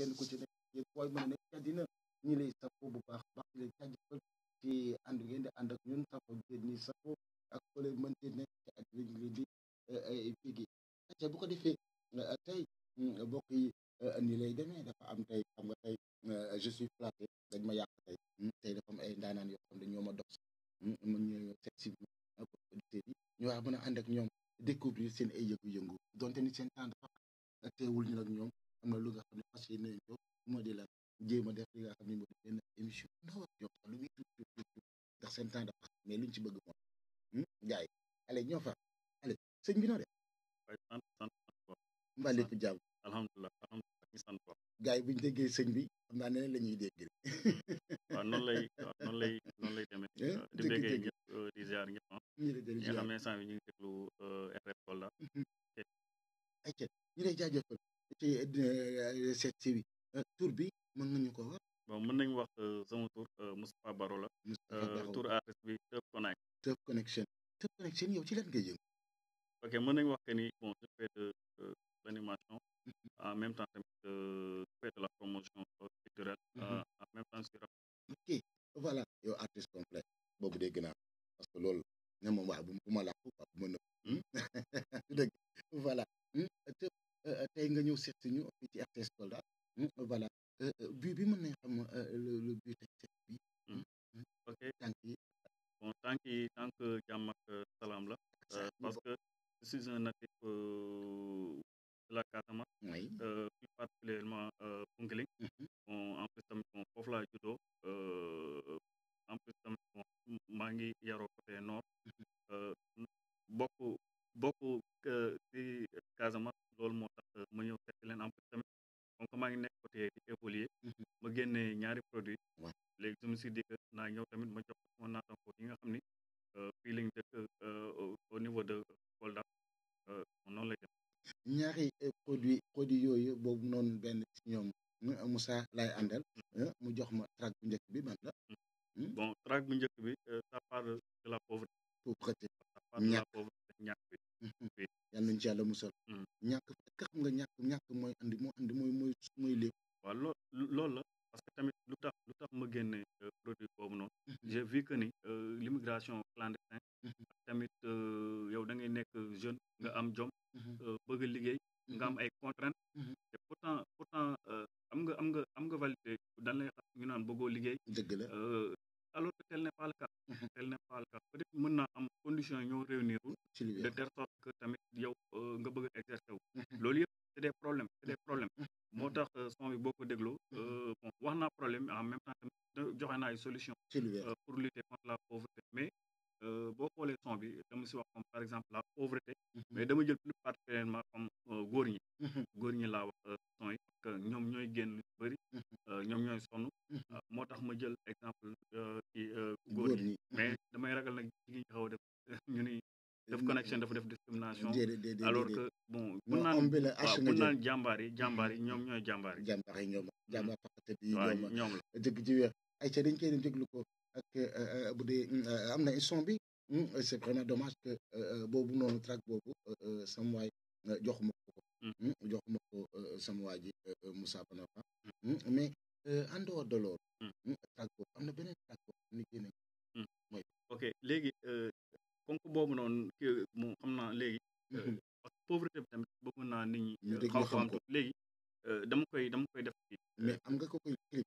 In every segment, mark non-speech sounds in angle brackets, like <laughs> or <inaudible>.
kenn ku ci nekk yéen booy mën a nekk ci àddina ñi lay safoo bu baax di leen jaajëfal ci ànd ngeen di ànd ak ñun safoo jigéen ñi safoo ak fële mën di nekk ci àddina ñu leen di eh, eh, bu ko defee eh, tey mm, mbokk yi ni lay demee dafa am tey xam nga tey je suis flatté dañ ma yàq tey mm, tey dafa am ay ndaanaan yoo xam ne ma dox mën mm, ñoo seet si auditeurs yi ñu wax mën a ànd ak ñoom découvrir seen ay yëngu-yëngu donte ni seen temps dafa teewul ñu ak ñoom am na lu nga xam ne fas yéene ñëw moo di la jéem a def li nga xam ne moo émission lu muy tuuti tuuti ndax seen temps dafa luñ ci bëgg mooy jaay hmm, ale ñoo fa ale sëñ bi noo def sant sant mbaa lépp jàmm alhamdulilah alhamdulilah ñu sant ko gars yi bu ñu sëñ bi xam na ne la ñuy dégg <laughs> waaw noonu lay noonu lay noonu lay demee eh, di déggee ñëpp euh, di ziar ñëpp ah. ñi nga xam ne sant bi ñu ngi déglu euh, RFM <laughs> seet si wi tur bi mën nga ñu ko wax. bon mën nañu wax euh, sama tur euh, Moustapha Baro la. Moustapha euh, Baro tur artiste bi Teuf Connect. Teuf Connection Teuf Connection yow ci lan ngay yëngu. ok mën nañu wax que ni bon je fais de mhm. en même temps tamit je fais de la promotion mhm. en même temps je ok voilà yow artiste complet boobu dégg naa parce que loolu ne moom waaye bu ma làkk quoi bu ma nëb seet si ñu fii ci RTS Kolda voilà but euh, euh, bi euh, le but tactique bi. ok tànk yi bon salaam la. parce que je suis un natif la Casamance. oui plus particulièrement ñaari eh, produit produit yooyu boobu noonu benn ci ñoom Moussa laay àndal eh, mu jox ma track bu njëkk bi ban la hmm? bon track bu njëkk bi euh, ça parle de la pauvreté pauvreté ça parle de la pauvreté ñàkk hmm, hmm. musal ñàkk est-ce mooy andi moo andi mooy mooy mooy lépp waaw loolu la parce que tamit lu tax lu tax ma génne euh, produit boobu noonu j'ai vu que ni euh, l'immigration clandestine tamit yow da ngay nekk jeune nga am jom bëgg a liggéey nga am mhm. ay contraintes mhm. te pourtant pourtant euh, am nga am nga am nga validé dan lay xam ñu naan bëggoo liggéey dëgg la euh, alors que tel n'est pas le cas mhm. tel n'est pas le cas peut être mën naa am condition ñoo réunirul de telle sorte que tamit yow euh, nga bëgg a exercer wu loolu yëpp c'est des problèmes c'est des problèmes moo tax son bi boo ko dégloo bon wax naa problème en même temps tamit joxe naa ay solution pour lutter contre la pauvreté mais Euh, boo xoolee son bi dama si wax comme par exemple la pauvreté mhm. mais dama jël plus particulièrement comme euh, góor ñi mhm. góor ñi laa wax euh, son yi ñoom ñooy génn lu bëri mhm. ñoom ñooy sonn moo tax ma jël exemple ci góor ñi mais damay ragal nag jigéen ñi xaw a def <laughs> ñu ni def connexion dafa def discrimination alors que bon mun naan waaw mun naan jàmbaar yi jàmbaar yi ñoom ñooy jàmbaar yi jàmbaar yi ñoom jàmbaar parce ñoom la dëgg ji weer ay ca dañ koy dem déglu ko ak euh, euh, euh, bu dee hmm, am na son bi hmm, c'est vraiment dommage que boobu noonu track boobu sama waay joxuma ko hmm. joxuma ko sama waa ji Moussa Banora mais en dehors de loolu track boobu am na beneen track boobu am na génne mooy ok léegi konk boobu noonu moom xam naa léegi parce que pauvreté bi tamit bëgg naa nit ñi léegi dama koy dama koy def mais am nga ko koy clip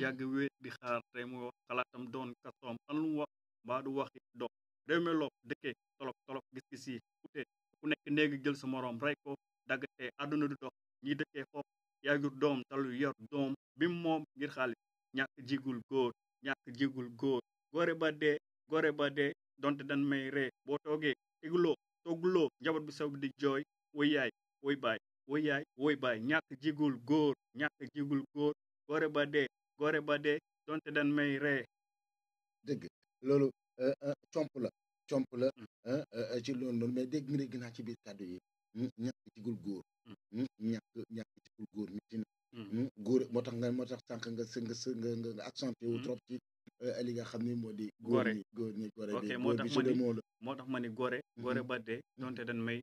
yagge weeɗi haa remoyo kala tam doon kasoom alum wax mbaɗu waxi do rewme loob dëkke tolof tolof gis gis yi ute ku nekk néegi jël sa moroom rey ko daggate àdduna du dox ñi dëkkee foofu yaayur doom talu yor doom bim moom ngir xaalis ñàkk jigul góor ñàkk jigul góor gore ba dee gore ba dee donte dan may ree boo toogee teguloo togguloo njaboot bi saw di jooy woy yaay woy baay woy yaay woy baay ñàkk jigul góor ñàkk jigul góor gore ba dee gore ba dee donte dan may re dëgg loolu euh, euh, comp la comp la hmm. euh, ci loolu noonu mais dégg nga dégg naa ci biir kàddu yi ñàkk ci góor hmm. ñàkk ñàkk ci gul góor métti na hmm. góor moo tax nga moo tax sànq nga nga nga nga accentué wu trop ci li nga xam ne moo di góor ñi góor ñi gore ok moo tax ma ni moo tax ma ni gore gore ba dee donte dan may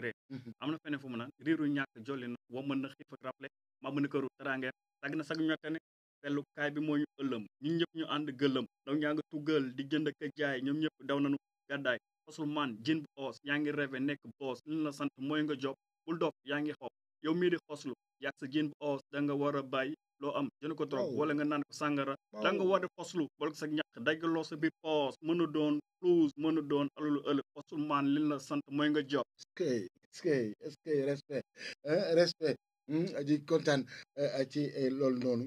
ree am na feneen fu mu naan riiru ñàkk jolli na wa mën na xiif rappelé ma mën a këru taraangeer na sag ñottane sellukaay bi moo ñu ëllëm ñun ñëpp ñu ànd gëllëm ndaw ñaa nga tuggal di jënd ak jaay ñoom ñëpp daw nañu gàddaay musulman jin bu oos yaa ngi rêve nekk boos li la sant mooy nga job bul dof yaa ngi xob yow mii di xoslu yàgg sa jin bu oos da nga war a bàyyi loo am jënd ko trop wala nga naan ko sàngara da nga war di xoslu wala sa ñàkk loo sa biir poos mën a doon plus mën a doon alalu ëllëg maan li la sant mooy nga job est-ce que est-ce que respect ci hmm, euh, euh, loolu noonu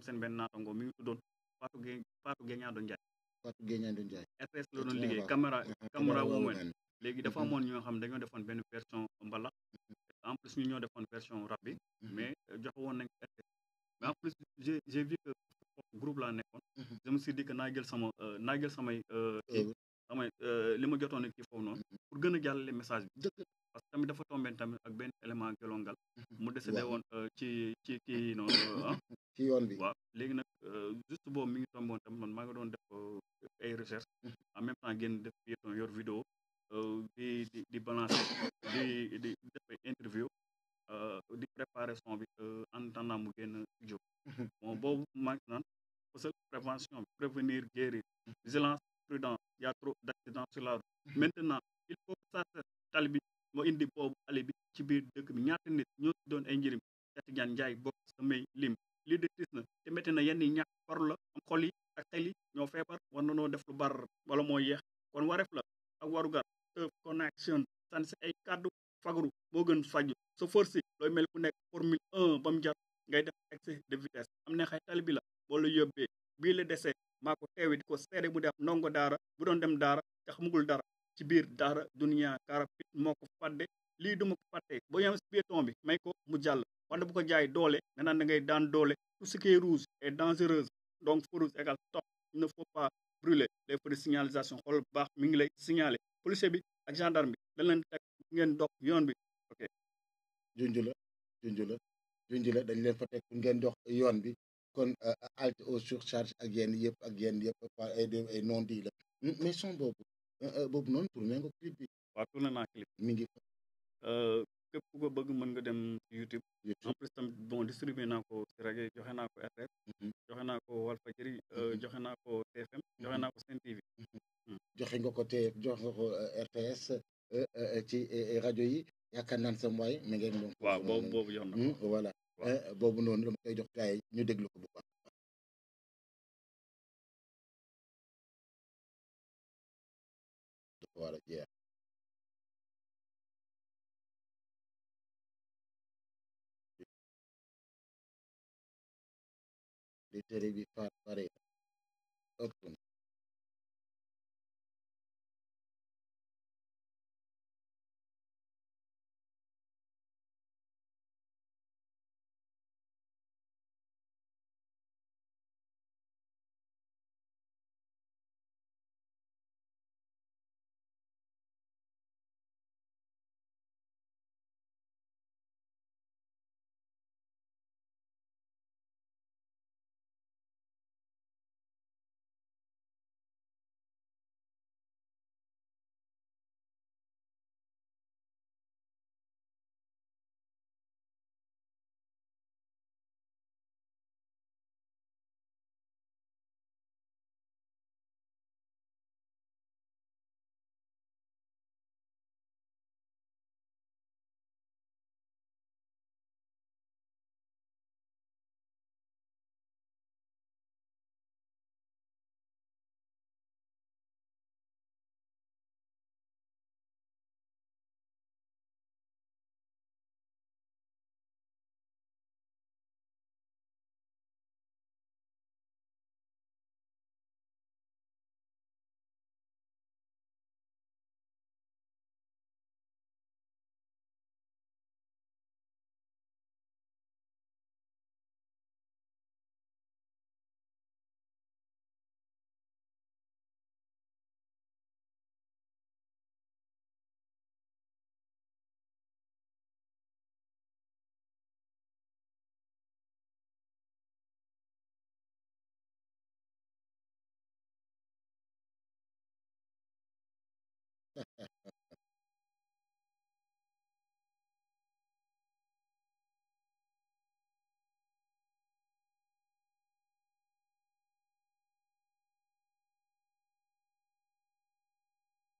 am seen benn naatango mi ngi tuddoon Fatou Gueye Fatou Gueye Ndiaye. Fatou Gueye Ndiaye. RTS la doon liggéey caméra caméra woman léegi dafa mm-hmm. amoon ñoo xam dañoo defoon benn version mbalax en plus ñu ñoo defoon version rap bi mm-hmm. mais jox woon na RTS mais en plus j'ai j'ai vu que groupe laa nekkoon mm-hmm. je me suis dit que naa jël sama euh, naa jël samay euh, kii samay euh, li ma jotoon kii foofu noonu pour gën a jàllale message bi parce que tamit dafa tombé tamit ak benn élément gelongal mu décédé woon ci ci kii noonu ah <laughs> ci yoon bi waaw nag euh, juste boobu mi ngi tomboon tam man maa ngi doon def euh, ay recherche mm-hmm. en même temps génn def piéton yor vidéo euh, di di di balancer di di def ay interview di préparer son bi en attendant mu génn studio mm-hmm. bon boobu maa ngi prévention bi prévenir guérir vigilance prudence y a trop d'accident sur la route mm-hmm. maintenant il faut que ça moo indi boobu ali ci biir dëkk bi ñaata nit ñoo doon ay njëriñ Cheikh Tidiane Ndiaye bokk samay lim metti na yenn ñaar bar la am xol yi ak xel yi ñoo feebar war nanoo def lu bar wala mooy yeex kon waref la ak gar teuf connection tan si ay kàddu fagru so gën faju sa forcé looy mel ku nekk formule 1 bam jar ngay def excès de vitesse am ne xay tali bi la boo la yóbbee bii la desee maa ko teewe di ko def nongo daara bu doon dem daara te xamugul dara ci biir daara dunia karapit moo ko fàdde lii duma ko fàtte boo yem si béton bi may ko mu jàll bu ko jaay doole da ngay daan doole tout ce rouge est dangereuse donc feu rouge égal stop il ne faut pas brûler les feux de signalisation xool bu baax mi signaler policier bi ak gendarme bi dañ leen teg ngeen dox yoon bi ok. junj la junj la junj la dañ leen fa teg pour dox yoon bi kon euh, halte au surcharge ak yenn yëpp ak yenn yëpp ay non di la mais son boobu non euh, euh, noonu tourné nga clip bi. Wa tourné naa clip mi ngi. képp ku ko bëgg mën nga dem YouTube. en plus tamit bon distribué naa ko si rajo joxe naa ko mm-hmm. joxe naa ko Walfadjri euh, mm-hmm. joxe naa ko TFM mm-hmm. joxe naa ko Sen TV. Mm. joxe nga ko TF joxe nga ko euh, RTS euh, ci rajo yi yaakaar naan sam waay mi ngeen moom. waaw boobu boobu jox na ko mm, noonu dama koy jox gars ñu déglu ko bu Belirli bir farklar yaratır. Toplum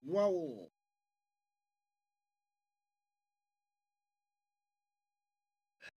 哇哦！